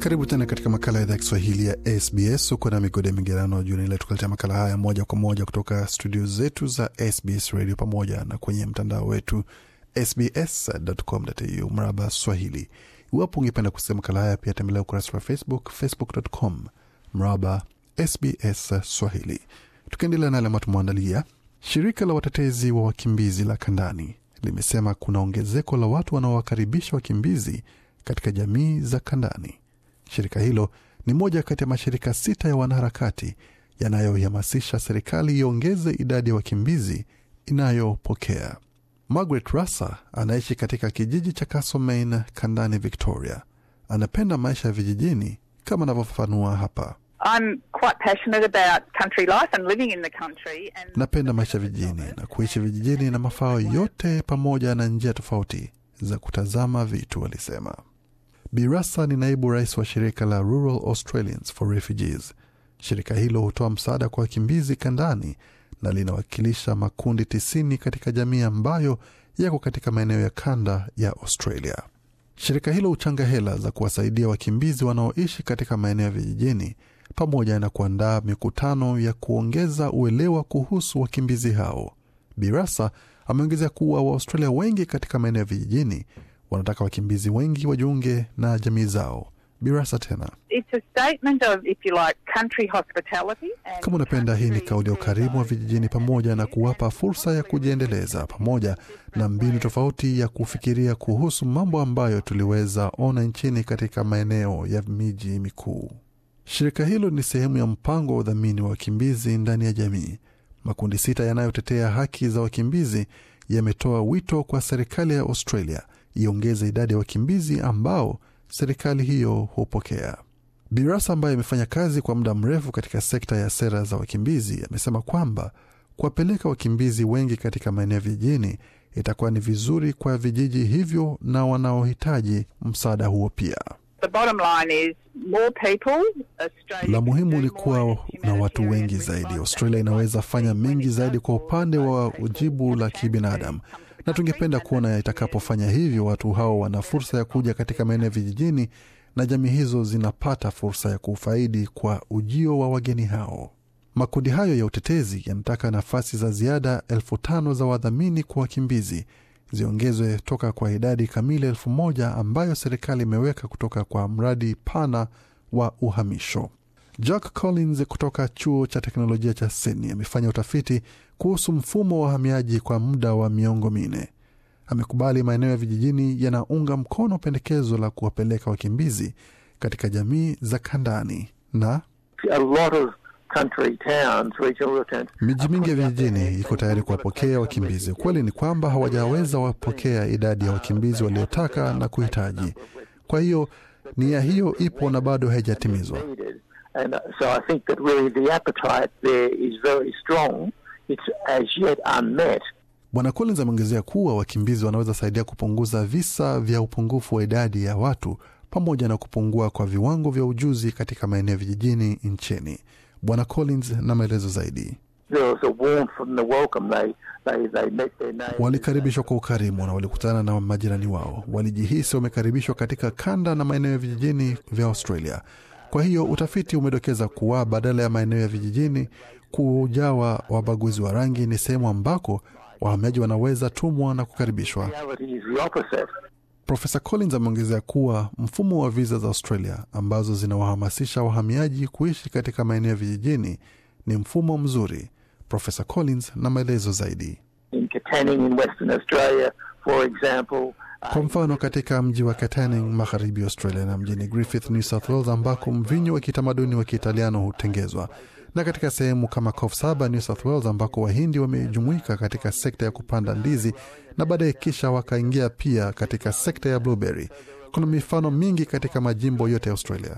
Karibu tena katika makala ya idhaa ya Kiswahili ya SBS. Uko na Migode Migerano Juni ile tukaletea makala haya moja kwa moja kutoka studio zetu za SBS Radio pamoja na kwenye mtandao wetu sbs.com.au mraba Swahili. Iwapo ungependa kusikia makala haya, pia tembelea ukurasa wa Facebook, facebook.com mraba SBS Swahili. Tukiendelea na yale ambayo tumeandalia, shirika la watetezi wa wakimbizi la kandani limesema kuna ongezeko la watu wanaowakaribisha wakimbizi katika jamii za kandani. Shirika hilo ni moja kati ya mashirika sita ya wanaharakati yanayoihamasisha serikali iongeze idadi ya wakimbizi inayopokea. Margaret Rasa anaishi katika kijiji cha Castlemaine, kandani Victoria. Anapenda maisha ya vijijini kama anavyofafanua hapa. I'm quite passionate about country life and living in the country and... napenda maisha vijijini na kuishi vijijini na mafao yote pamoja na njia tofauti za kutazama vitu, alisema. Birasa ni naibu rais wa shirika la Rural Australians for Refugees. Shirika hilo hutoa msaada kwa wakimbizi kandani na linawakilisha makundi tisini katika jamii ambayo yako katika maeneo ya kanda ya Australia. Shirika hilo huchanga hela za kuwasaidia wakimbizi wanaoishi katika maeneo ya vijijini pamoja na kuandaa mikutano ya kuongeza uelewa kuhusu wakimbizi hao. Birasa ameongezea kuwa Waaustralia wengi katika maeneo ya vijijini wanataka wakimbizi wengi wajiunge na jamii zao. Birasa tena kama unapenda, hii ni kauli ya ukarimu wa vijijini pamoja na kuwapa fursa ya kujiendeleza, pamoja na mbinu tofauti ya kufikiria kuhusu mambo ambayo tuliweza ona nchini katika maeneo ya miji mikuu. Shirika hilo ni sehemu ya mpango wa udhamini wa wakimbizi ndani ya jamii. Makundi sita yanayotetea haki za wakimbizi yametoa wito kwa serikali ya Australia iongeze idadi ya wakimbizi ambao serikali hiyo hupokea. Birasa ambaye amefanya kazi kwa muda mrefu katika sekta ya sera za wakimbizi amesema kwamba kuwapeleka wakimbizi wengi katika maeneo vijijini itakuwa ni vizuri kwa vijiji hivyo na wanaohitaji msaada huo pia. La muhimu ni kuwa na watu wengi zaidi. Australia inaweza fanya mengi zaidi kwa upande wa jibu la kibinadamu na tungependa kuona itakapofanya hivyo, watu hao wana fursa ya kuja katika maeneo vijijini na jamii hizo zinapata fursa ya kufaidi kwa ujio wa wageni hao. Makundi hayo ya utetezi yanataka nafasi za ziada elfu tano za wadhamini kwa wakimbizi ziongezwe toka kwa idadi kamili elfu moja ambayo serikali imeweka kutoka kwa mradi pana wa uhamisho. Jack Collins kutoka chuo cha teknolojia cha Sydney amefanya utafiti kuhusu mfumo wa uhamiaji kwa muda wa miongo minne. Amekubali maeneo ya vijijini yanaunga mkono pendekezo la kuwapeleka wakimbizi katika jamii za kandani na miji mingi ya vijijini iko tayari kuwapokea wakimbizi. Ukweli ni kwamba hawajaweza wapokea idadi ya wakimbizi waliotaka na kuhitaji, kwa hiyo nia hiyo ipo na bado haijatimizwa. And uh, so I think that really the appetite there is very strong. It's as yet unmet. Bwana Collins ameongezea kuwa wakimbizi wanaweza saidia kupunguza visa vya upungufu wa idadi ya watu pamoja na kupungua kwa viwango vya ujuzi katika maeneo vijijini nchini. Bwana Collins na maelezo zaidi. Walikaribishwa kwa ukarimu na walikutana na majirani wao, walijihisi wamekaribishwa katika kanda na maeneo ya vijijini vya Australia. Kwa hiyo utafiti umedokeza kuwa badala ya maeneo ya vijijini kujawa wabaguzi wa rangi, ni sehemu ambako wahamiaji wanaweza tumwa na kukaribishwa. Profesa Collins ameongezea kuwa mfumo wa viza za Australia ambazo zinawahamasisha wahamiaji kuishi katika maeneo ya vijijini ni mfumo mzuri. Profesa Collins na maelezo zaidi. In Katanning in Western Australia, for example, kwa mfano katika mji wa Kataning magharibi Australia na mjini Griffith, New South Wales, ambako mvinyo wa kitamaduni wa Kiitaliano hutengezwa na katika sehemu kama Coffs New South Wales ambako Wahindi wamejumuika katika sekta ya kupanda ndizi na baadaye kisha wakaingia pia katika sekta ya blueberry. Kuna mifano mingi katika majimbo yote ya Australia.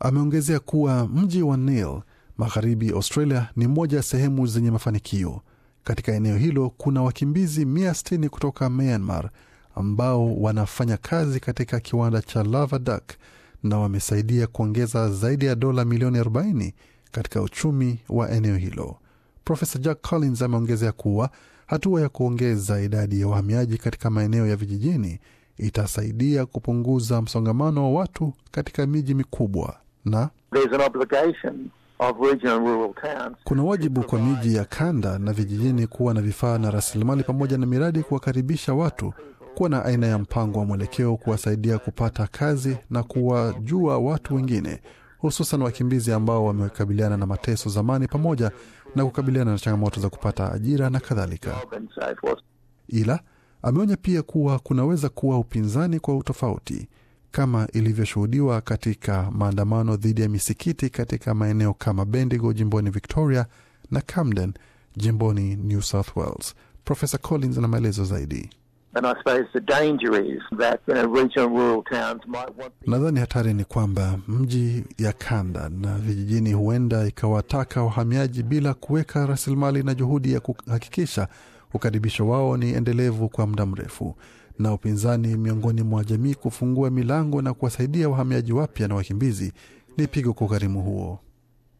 Ameongezea kuwa mji wa Neil magharibi Australia ni moja ya sehemu zenye mafanikio. Katika eneo hilo kuna wakimbizi mia sitini kutoka Myanmar ambao wanafanya kazi katika kiwanda cha Lavadak na wamesaidia kuongeza zaidi ya dola milioni 40 katika uchumi wa eneo hilo. Profesa Jack Collins ameongezea kuwa hatua ya kuongeza idadi ya wahamiaji katika maeneo ya vijijini itasaidia kupunguza msongamano wa watu katika miji mikubwa na kuna wajibu kwa miji ya kanda na vijijini kuwa na vifaa na rasilimali pamoja na miradi kuwakaribisha watu kuwa na aina ya mpango wa mwelekeo, kuwasaidia kupata kazi na kuwajua watu wengine, hususan wakimbizi ambao wamekabiliana na mateso zamani, pamoja na kukabiliana na changamoto za kupata ajira na kadhalika. Ila ameonya pia kuwa kunaweza kuwa upinzani kwa utofauti kama ilivyoshuhudiwa katika maandamano dhidi ya misikiti katika maeneo kama Bendigo jimboni Victoria na Camden jimboni New South Wales. Profesa Collins ana maelezo zaidi. Nadhani hatari ni kwamba mji ya kanda na vijijini huenda ikawataka wahamiaji bila kuweka rasilimali na juhudi ya kuhakikisha ukaribisho wao ni endelevu kwa muda mrefu, na upinzani miongoni mwa jamii kufungua milango na kuwasaidia wahamiaji wapya na wakimbizi ni pigo kwa ukarimu huo.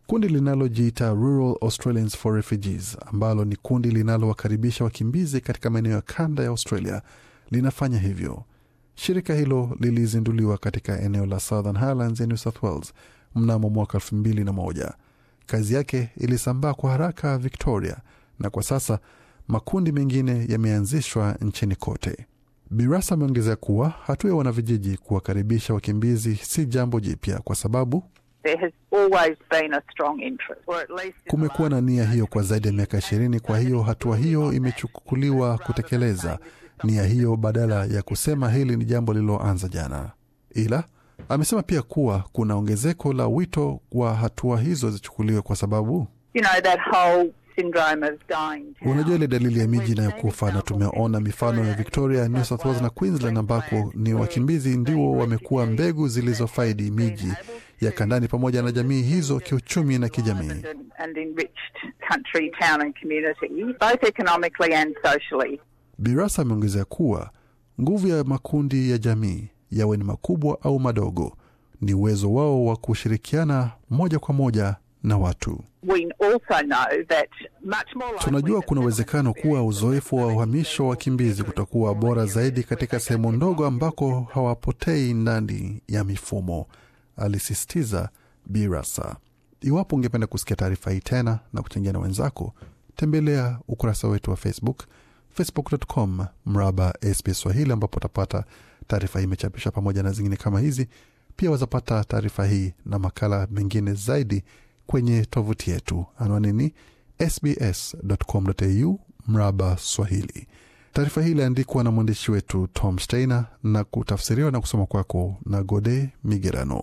Kundi linalojiita Rural Australians for Refugees, ambalo ni kundi linalowakaribisha wakimbizi katika maeneo ya kanda ya Australia, linafanya hivyo. Shirika hilo lilizinduliwa katika eneo la Southern Highlands ya New South Wales mnamo mwaka elfu mbili na moja. Kazi yake ilisambaa kwa haraka Victoria, na kwa sasa makundi mengine yameanzishwa nchini kote. Birasa ameongezea kuwa hatua ya wanavijiji kuwakaribisha wakimbizi si jambo jipya kwa sababu Kumekuwa na nia hiyo kwa zaidi ya miaka ishirini. Kwa hiyo hatua hiyo imechukuliwa kutekeleza nia hiyo badala ya kusema hili ni jambo lililoanza jana. Ila amesema pia kuwa kuna ongezeko la wito wa hatua hizo zichukuliwe kwa sababu you know, that whole Unajua ile dalili ya miji inayokufa, na tumeona mifano ya Victoria, New South Wales na Queensland ambako ni wakimbizi ndio wamekuwa mbegu zilizofaidi miji ya kandani pamoja na jamii hizo kiuchumi na kijamii. Birasa ameongezea kuwa nguvu ya makundi ya jamii, yawe ni makubwa au madogo, ni uwezo wao wa kushirikiana moja kwa moja na watu. Tunajua kuna uwezekano kuwa uzoefu wa uhamisho wa wakimbizi kutakuwa bora zaidi katika sehemu ndogo ambako hawapotei ndani ya mifumo alisisitiza Birasa. Iwapo ungependa kusikia taarifa hii tena na kuchangia na wenzako, tembelea ukurasa wetu wa Facebook, facebook.com mraba SP Swahili, ambapo utapata taarifa hii imechapishwa pamoja na zingine kama hizi. Pia wazapata taarifa hii na makala mengine zaidi kwenye tovuti yetu, anwani ni sbs.com.au mraba Swahili. Taarifa hii iliandikwa na mwandishi wetu Tom Steiner na kutafsiriwa na kusoma kwako na Gode Migerano.